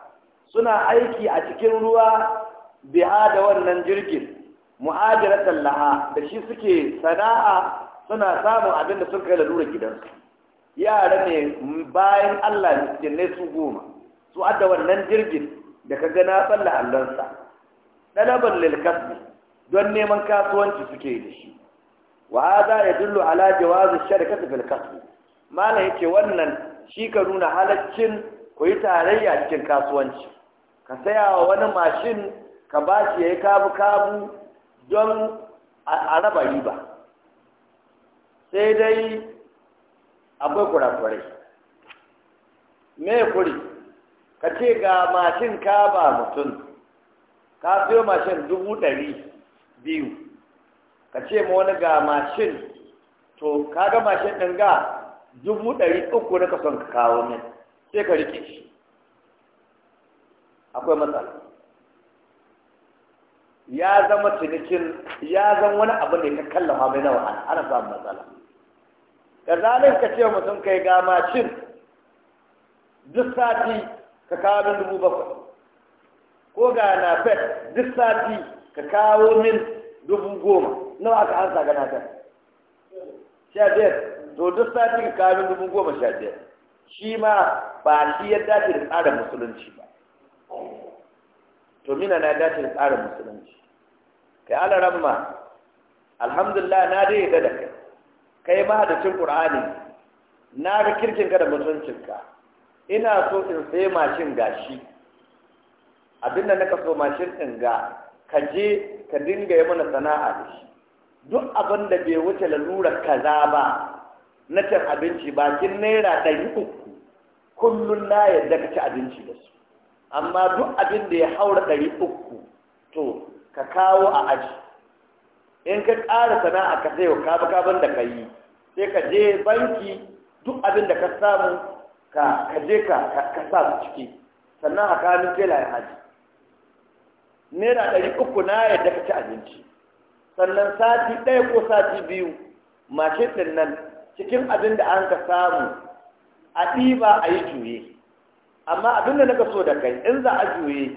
suna aiki a cikin ruwa biya da wannan jirgin muhajiratan laha da shi suke sana'a suna samun abinda da suka kai lura gidansu yara ne bayan Allah ne su goma su adda wannan jirgin da ka gana tsalla allansa ɗalaban lilkasbi don neman kasuwanci suke da shi wa hada yadullu ala jawazi sharikati bil kasb malam yace wannan shi ka nuna halaccin ku yi tarayya cikin kasuwanci ka saya wa wani mashin ka ba shi yayi kabu kabu don a raba riba sai dai akwai kurakurai me kuri ka ce ga mashin ka ba mutum ka siyo mashin dubu ɗari biyu ka ce ma wani ga mashin to ka ga mashin ɗin ga dubu ɗari uku na kason ka kawo min sai ka rike shi akwai matsala ya zama cinikin ya zan wani abu ne ka kallafa mai na wahala ana samun matsala ka zalin ka ce mutum kai ga mashin duk sati ka kawo min dubu bakwai ko ga na fet duk sati ka kawo min dubu goma nawa aka ansa gana ta sha biyar to duk sati ka kawo dubu goma sha biyar shi ma ba shi ya dace da tsarin musulunci ba to mina na dace da tsarin musulunci kai ala ramma alhamdulillah na dai yadda da kai kai ma cin qur'ani na ga kirkin ka da ka. ina so in sai mashin gashi abin da naka so mashin din ga ka je ka dinga yi mana sana'a da shi duk abin da bai wuce lalurar kaza ba na cin abinci bakin naira ɗari uku kullum na yadda ka ci abinci da su amma duk abin da ya haura ɗari uku to ka kawo a aji in ka ƙara sana'a ka sayo kaba kaban da ka yi sai ka je banki duk abin da ka samu ka je ka sa su ciki sannan a kanin tela ya haji naira ɗari uku na yadda ka ci abinci sannan sati ɗaya ko sati biyu mashin ɗin nan cikin abin da an ka samu a ɗiba a yi juye amma abin da naka so da kai in za a juye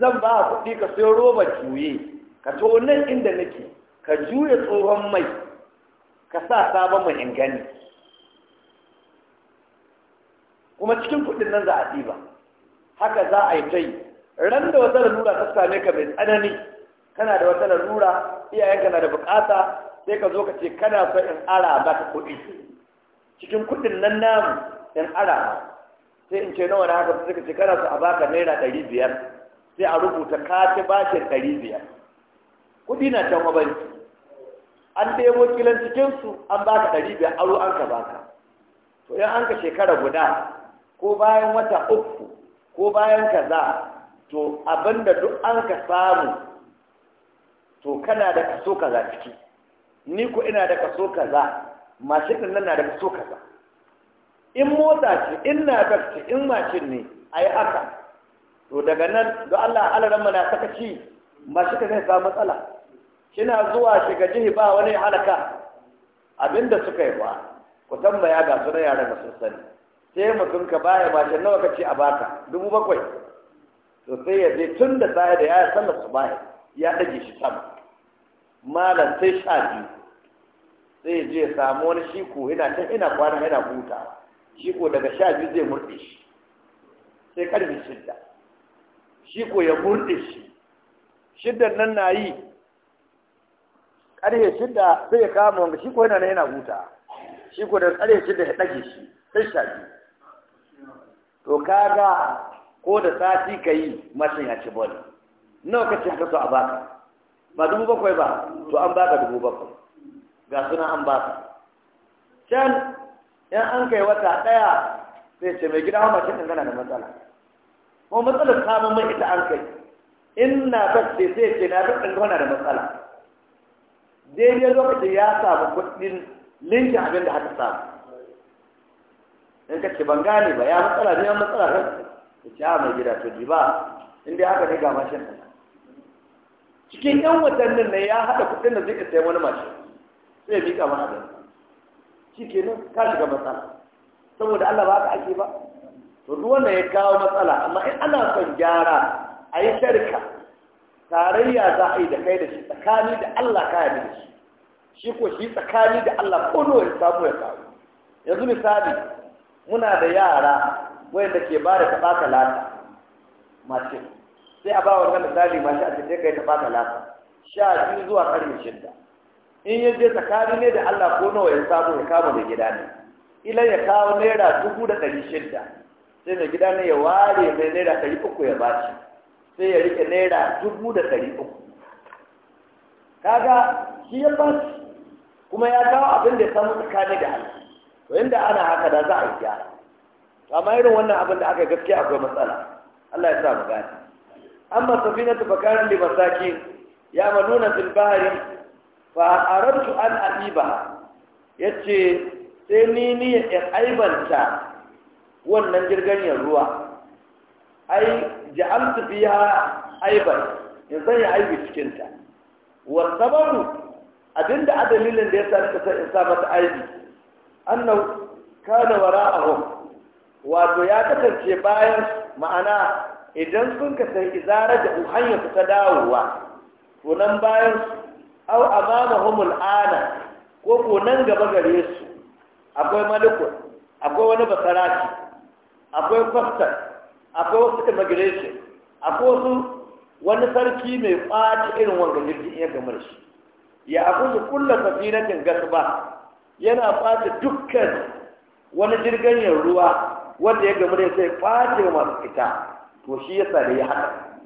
zan ba kuɗi ka sayo roba juye ka to nan inda nake ka juya tsohon mai ka sa sabon mai ingani kuma cikin kuɗin nan za a ɗiba haka za a yi ta yi ran da wata lura ta same ka mai tsanani kana da wata larura iyayenka na da bukata sai ka zo ka ce kana so in ara ba ka kuɗi cikin kuɗin nan namu in ara sai in ce nawa na haka sai ka ce kana so a baka naira ɗari biyar sai a rubuta kati bashin ɗari biyar kuɗi na can wabanci an ɗebo kilan cikinsu an baka ɗari biyar aro an ka baka to in an ka shekara guda ko bayan wata uku ko bayan kaza to abinda duk an ka samu to kana da kaso kaza ciki ni ko ina da kaso kaza mashin nan na da kaso kaza in mota ce in na ce in mashin ne a yi haka to daga nan da Allah Allah ran mana sakaci mashin ka zai samu matsala kina zuwa shiga jihi ba wani halaka abinda suka yi ba ku tambaya ga su na yaran da sun sani sai mutum ka baya mashin nawa kace a baka dubu bakwai to sai ya je tun da sai da ya sallar su baya ya ɗage shi sama malam sai sha biyu sai je ya samu wani shi ko yana can ina kwana yana huta shiko daga sha biyu zai murɗe shi sai karfe shidda shi ko ya murɗe shi shiddan nan na yi ƙarfe shidda sai ya kama wanda shi ko yana nan yana huta shi ko daga ƙarfe shidda ya ɗage shi sai sha biyu to kaga ko da sati ka yi mashin ya ci bane nawa kace haka so a baka ba dubu bakwai ba to an baka dubu bakwai ga suna an baka can yan an kai wata ɗaya sai ce mai gida hama cikin gana da matsala kuma matsalar samun mai ita an kai in na fasce sai ce na fasce gana da matsala daidai lokacin ya samu kuɗin linkin abin da haka samu in ka ce ban gane ba ya matsala ne ya matsala kan ka ce a ah, mai gida to ji ba in dai haka ne ga mashin ɗin cikin yan watannin ne ya haɗa kuɗin da zai sayan wani mashin sai ya miƙa mana da shi nan ka shiga matsala saboda Allah ba ka ake ba to duk wanda ya kawo matsala amma in ana son gyara a yi sharka tarayya za a yi da kai da shi tsakani da Allah ka yi da shi shi ko shi tsakani da Allah ko nawa ya samu ya kawo yanzu misali muna da yara wanda ke ba da taɓa talata mace sai a ba wannan misali mashi a cikin kai ta fata lafa sha biyu zuwa karni shidda in ya je tsakani ne da Allah ko nawa ya samu ya kama da gida ne ila ya kawo naira dubu da ɗari shidda sai mai gida ne ya ware mai naira ɗari uku ya shi sai ya rike naira dubu da ɗari uku kaga shi ya shi kuma ya kawo abin da ya samu tsakani da Allah to inda ana haka da za a yi gyara amma irin wannan abin da aka gaskiya akwai matsala Allah ya sa mu gani ma nuna فكانت ba a في an فأردت ba, ya yace sai ni ni ya aibanta wannan jirganiyar ruwa ai ja'altu fiha aiban yanzu ya aibi cikinta, ta wa sababu abinda a dalilin da ya nika sai in sa mata aibi annahu kana wara'ahum wato ya kasance bayan ma'ana idan sun ka san izara da hanyar ta dawowa to nan bayan au humul ana ko ko nan gaba gare su akwai maliku akwai wani basarati akwai kwastar akwai wasu immigration akwai wasu wani sarki mai ɓata irin wanga jirgin iya gamar shi ya abu su kulla safinatin ba yana fata dukkan wani jirgin ruwa wanda ya gamar ya sai fata masu fita to shi sa da ya haka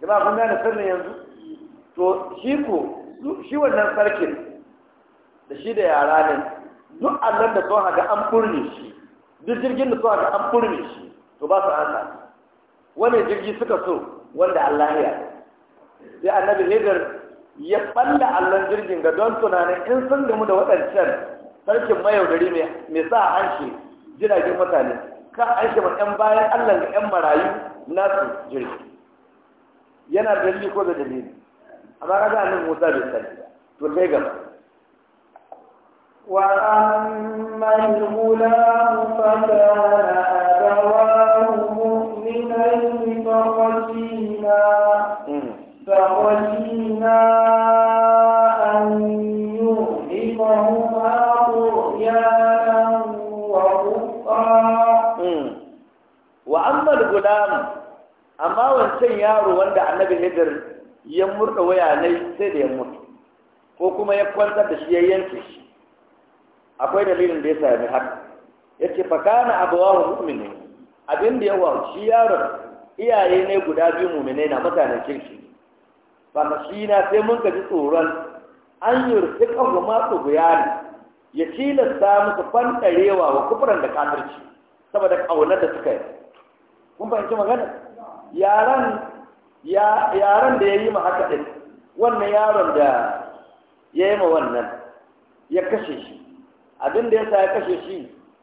jama'a kun gane sannan yanzu to shi ko shi wannan sarkin da shi da yara ne duk allon da sun haka an furne shi duk jirgin da sun haka an furne shi to ba su ansa Wani jirgi suka so wanda Allah ya sai annabi hidar ya balla allon jirgin ga don tunanin in sun gamu da waɗancan sarkin mayaudari mai sa hanshi jiragen mutane ka an shi ma 'yan bayan Allah ga 'yan marayu nasu jirgi yana dalili ko da dalili amma kaga annabi Musa bai sani to sai gaba wa amma hula ghulam fa kana abawahu mu'minain fa qadina hmm. fa wa ammal gulam amma wancan yaro wanda annabi hidir ya murda waya ne sai da ya mutu ko kuma ya kwantar da shi ya yanke shi akwai dalilin da ya sami haka ya ce fakana abawahu mu'mini abin da yawa shi yaron iyaye ne guda biyu mu'mini na mutanen kirki ba shi na sai mun ka ji tsoron an yi rufika wa masu buyani ya tilasta musu fanɗarewa wa kufuran da kafirci saboda ƙaunar da suka yi kun fahimci magana yaran yaran da yayi yi ma haka din wannan yaron da ya yi ma wannan ya kashe shi abin da ya ya kashe shi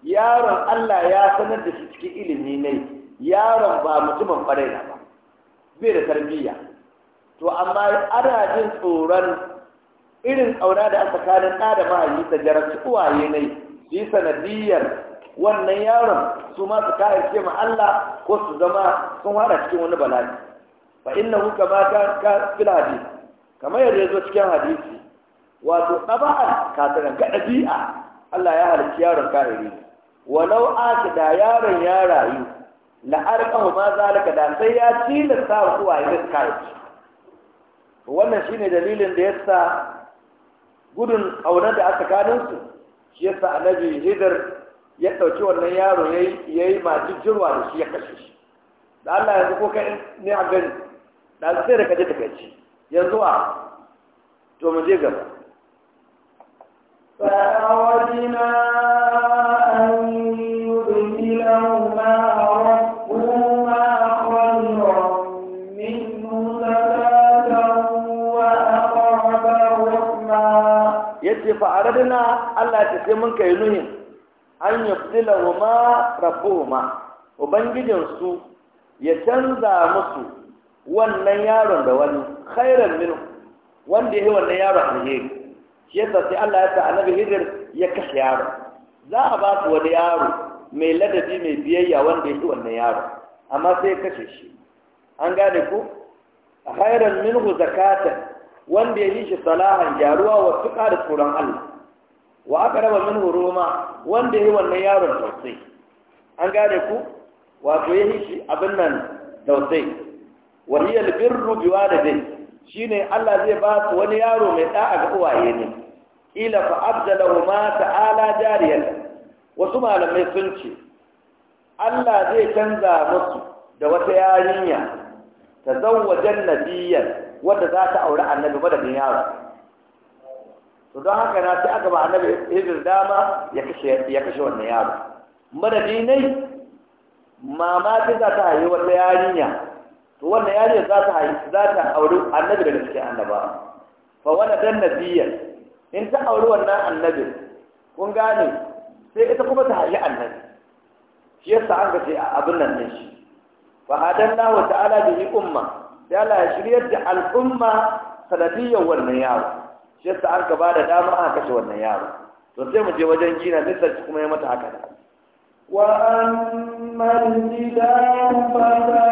yaron Allah ya sanar da shi cikin ilimi ne yaron ba mutumin ƙwarai ba bai da tarbiyya to amma ana jin tsoron irin ƙauna da aka tsakanin da mahaifi ta jarabci uwaye ne su yi sanadiyar wannan yaron su ma su ce ma Allah ko su zama sun hada cikin wani bala'i fa innahu kama ka ka fil kamar yadda ya zo cikin hadisi wato ɗaba'an ka ga ɗabi'a Allah ya halarci yaron kafiri walau aki da yaron ya rayu la'arƙahu ma zalika da sai ya tilasta ku a ya kai wannan shine dalilin da yasa gudun aure da aka kanin su shi yasa annabi hidar ya ɗauki wannan yaro ya yi jirwa da shi ya kashe shi da Allah yanzu ko kai ne a gani da sai da kaje takaici yanzu a to mu je gaba فأردنا أن يبدلهما ربهما خيرا منه an ma rabuhuma ubangijin su ya canza musu wannan yaron da wani khairan minhu wanda yayi wannan yaron alheri shi yasa sai Allah ya sa annabi Hijr ya kashe yaro za a ba su wani yaro mai ladabi mai biyayya wanda yayi wannan yaro amma sai ya kashe shi an gane ku khairan minhu zakata, wanda yi shi salahan jaruwa wa tuka da tsoron Allah wa aka raba min huruma wanda yi wannan yaron sosai an gane ku wato ya yi shi abin nan tausayi wa hiya albirru bi shi shine Allah zai ba su wani yaro mai da'a ga uwaye ne ila fa abdalahu ma ta'ala jariyan wasu malamai sun ce Allah zai canza musu da wata yarinya ta zawwajen nabiyan wadda za ta aure annabi madadin yaro to don haka na sai aka ba annabi hijir dama ya kashe ya kashe wannan yaro madadinai mama ta za ta haihu wata yarinya to wannan yarinya za ta haihu za ta auri annabi daga cikin annaba fa wala dan nabiyya in ta auri wannan annabi kun gane sai ita kuma ta haihu annabi shi yasa an ga sai abin nan ne shi fa hadanna wa ta'ala bihi umma sai Allah ya shiryar da al'umma sanadiyyar wannan yaro sai sa an ka bada dama aka kashe wannan yaro to sai mu je wajen gina nisan kuma ya mata haka wa an al fa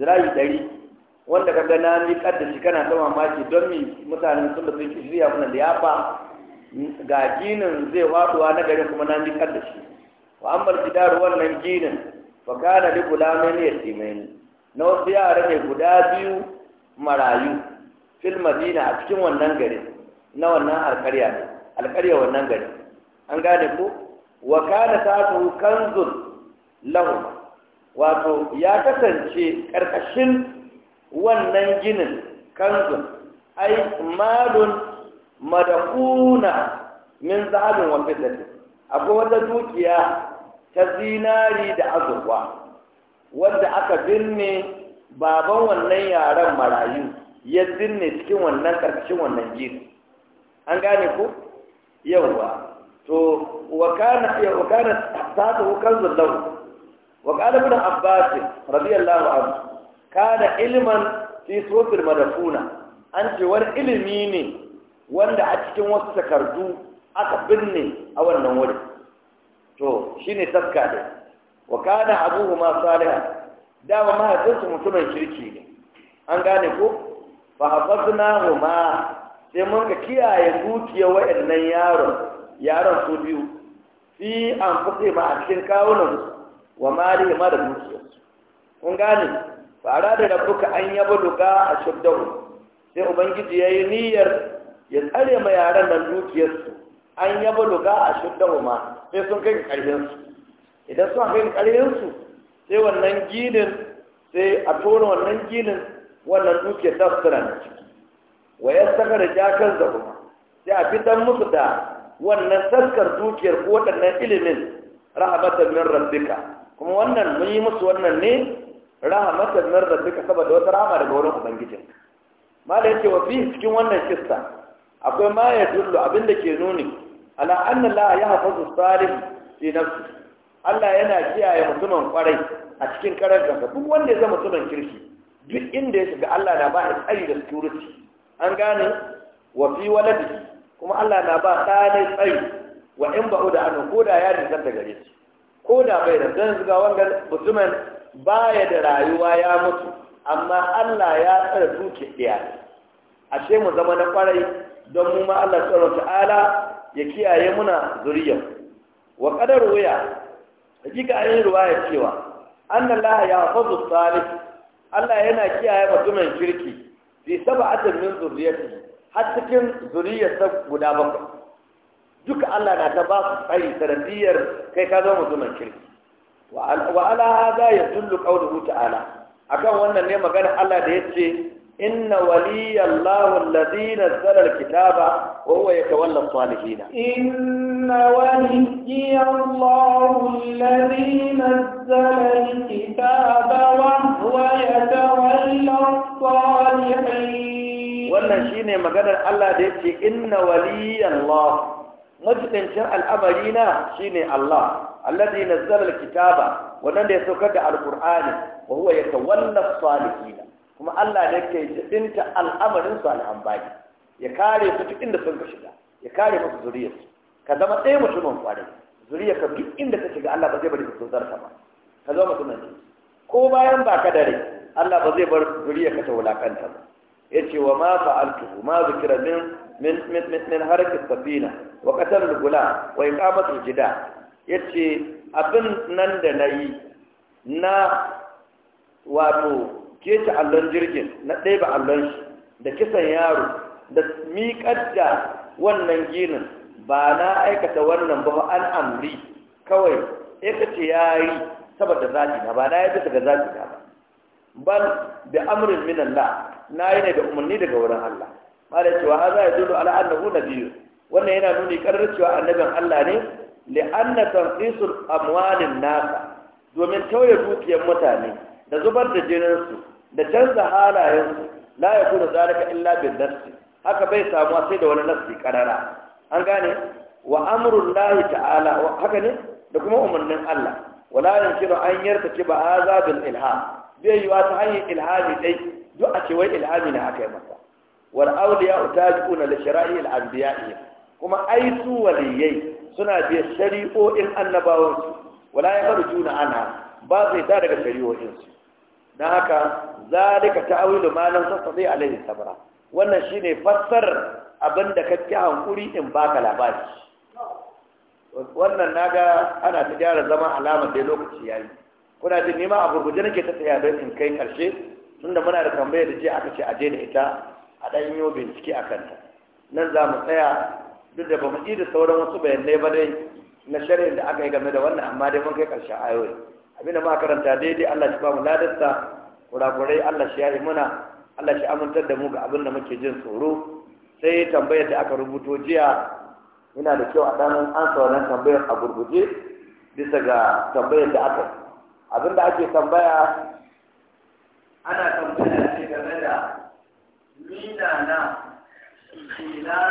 zirayi ɗari wanda ka gana ni da shi kana ta mamaki don mi mutanen sun da sun ki shirya mana liyafa ga ginin zai faɗuwa na garin kuma na ni da shi wa an bar wannan ginin fa kana li gulamai ya timaini na wasu yara ne guda biyu marayu fil madina a cikin wannan gari na wannan alƙarya ne alƙarya wannan gari an gane ko wa kana sa'atu kanzun lahu wato ya kasance ƙarƙashin wannan ginin kanzun ai malun madakuna min zahabin wa fiddatin akwai wata dukiya ta zinari da azurwa wanda aka binne baban wannan yaren marayu ya binne cikin wannan ƙarƙashin wannan gini an gane ku yauwa to wa kana ya wa kana ta ta hukan zullahu Waƙalbi da Abba Rabeel Labu'am ka da ilimin si sofin madafuna, an fi wani ilimi ne wanda a cikin wasu takardu aka binni a wannan waje. To shi ne taskaɗe. Wa ka da abubuwa Sani'a da wani aka san su mutumin kirki ne? An gane ko Ba a faso sai mun kiyaye buƙiyyar waɗannan yaron, yaron su biyu. Fi an buɗe ma a cikin kawunan. wa mali ma da dukiya. kun gane fara da rabuka an yaba duka a shuddahu sai ubangiji ya yi niyyar ya tsare ma yaran nan dukiyarsu an yaba duka a shuddahu ma sai sun kai ƙarfinsu idan sun kai ƙarfinsu sai wannan ginin sai a tona wannan ginin wannan dukiyar ta su tana ciki wa ya saka da jakar da kuma sai a fitar musu da wannan taskar dukiyar ko waɗannan ilimin rahabatan min rabbika kuma wannan mun yi musu wannan ne da suka saba saboda wata rahama daga wurin ubangijin malai yake wa cikin wannan kissa akwai ma ya dullu abinda ke nuni ala anna la hafazu salih fi nafsi Allah yana kiyaye mutumin kwarai a cikin karar duk wanda ya zama mutumin kirki duk inda ya shiga Allah na ba tsari da security an gane wa fi waladi kuma Allah na ba tsari tsari wa in ba'u da anhu ko da ya nisan da gare shi ko da bai da zan zuga wanda mutumin baya da rayuwa ya mutu amma Allah ya tsara duki ɗaya ashe mu zama na kwarai don mu ma Allah ta'ala ya kiyaye muna zuriya wa qadar wuya hakika an yi ruwaya cewa annallaha ya fadu salih Allah yana kiyaye mutumin kirki fi sab'atin min zuriyati har cikin zuriyarsa guda bakwai duka Allah na ta ba su tsari sanadiyar kai ka zama mutumin kirki wa ala hada ya dullu qawluhu ta'ala akan wannan ne magana Allah da yace inna waliyallahu alladhi nazzala alkitaba wa huwa yatawalla as-salihin inna waliyallahu alladhi nazzala alkitaba wa huwa yatawalla as-salihin wannan shine maganar Allah da yace inna waliyallahu majidancin al'amari na ne Allah alladhi nazzala alkitaba wannan da ya saukar da alqur'ani wa huwa yatawalla salihin kuma Allah ne ke jibinta al'amarin salihan bayi ya kare su duk inda sun shiga ya kare musu zuriyar su ka zama ɗaya mutumin kwarai zuriyar ka duk inda ka shiga Allah ba zai bari ka tozar ka ba ka zama mutumin ko bayan ba ka dare Allah ba zai bar zuriyar ka ta wulakanta ba yace wa ma fa'altu ma zikra min min min min harakat safina wa qatar al gula wa iqamat al-jida yace abin nan da nayi na wato kece allon jirgin na dai ba allon shi da kisan yaro da miƙar da wannan ginin ba na aikata wannan ba an amri kawai ya kace ya yi saboda zaɓi na ba na ya bisa ga zaɓi na ba bal da amrin minan na yi ne da umarni daga wurin Allah malai cewa a ya dole ala annahu biyu wannan yana nuni karar cewa annabin Allah ne li anna tanqisul amwalin nasa domin tauye dukiyar mutane da zubar da jinin su da canza halayen su la yakunu zalika illa bin nafsi haka bai samuwa sai da wani nafsi karara an gane wa amrul lahi ta'ala haka ne da kuma umarnin Allah wala yankiru an yartaki ba zabin ilha bai yiwa ta hanyar ilhami dai duk a ce wai ilhami na aka yi masa wal awliya utabiquna li shara'i al anbiya'i kuma ai su waliyai suna bi shari'o'in annabawan su wala yakhrujuna anha ba zai ta daga shari'o'in su dan haka zalika ta'wilu ma lam tastati alayhi sabra wannan shine fassar abinda kake hankuri in baka labari wannan naga ana ta gyara zama alamar da lokaci yayi kuna jin nima a gurguje nake ta tsaya don in kai karshe tunda muna da tambayar da jiya aka ce a je da ita a ɗan yi bincike a kanta nan za mu tsaya duk da ba mu da sauran wasu bayanai ba dai na shari'in da aka yi game da wannan amma dai mun kai ƙarshen ayoyi abin da ma karanta daidai Allah shi ba mu ladarsa kurakurai Allah shi ya yi muna Allah shi amintar da mu ga abin da muke jin tsoro sai tambayar da aka rubuto jiya yana da kyau a ɗan an wannan tambayar a gurguje bisa ga tambayar da aka abin da ake tambaya ana tambaya ce game da nina na ila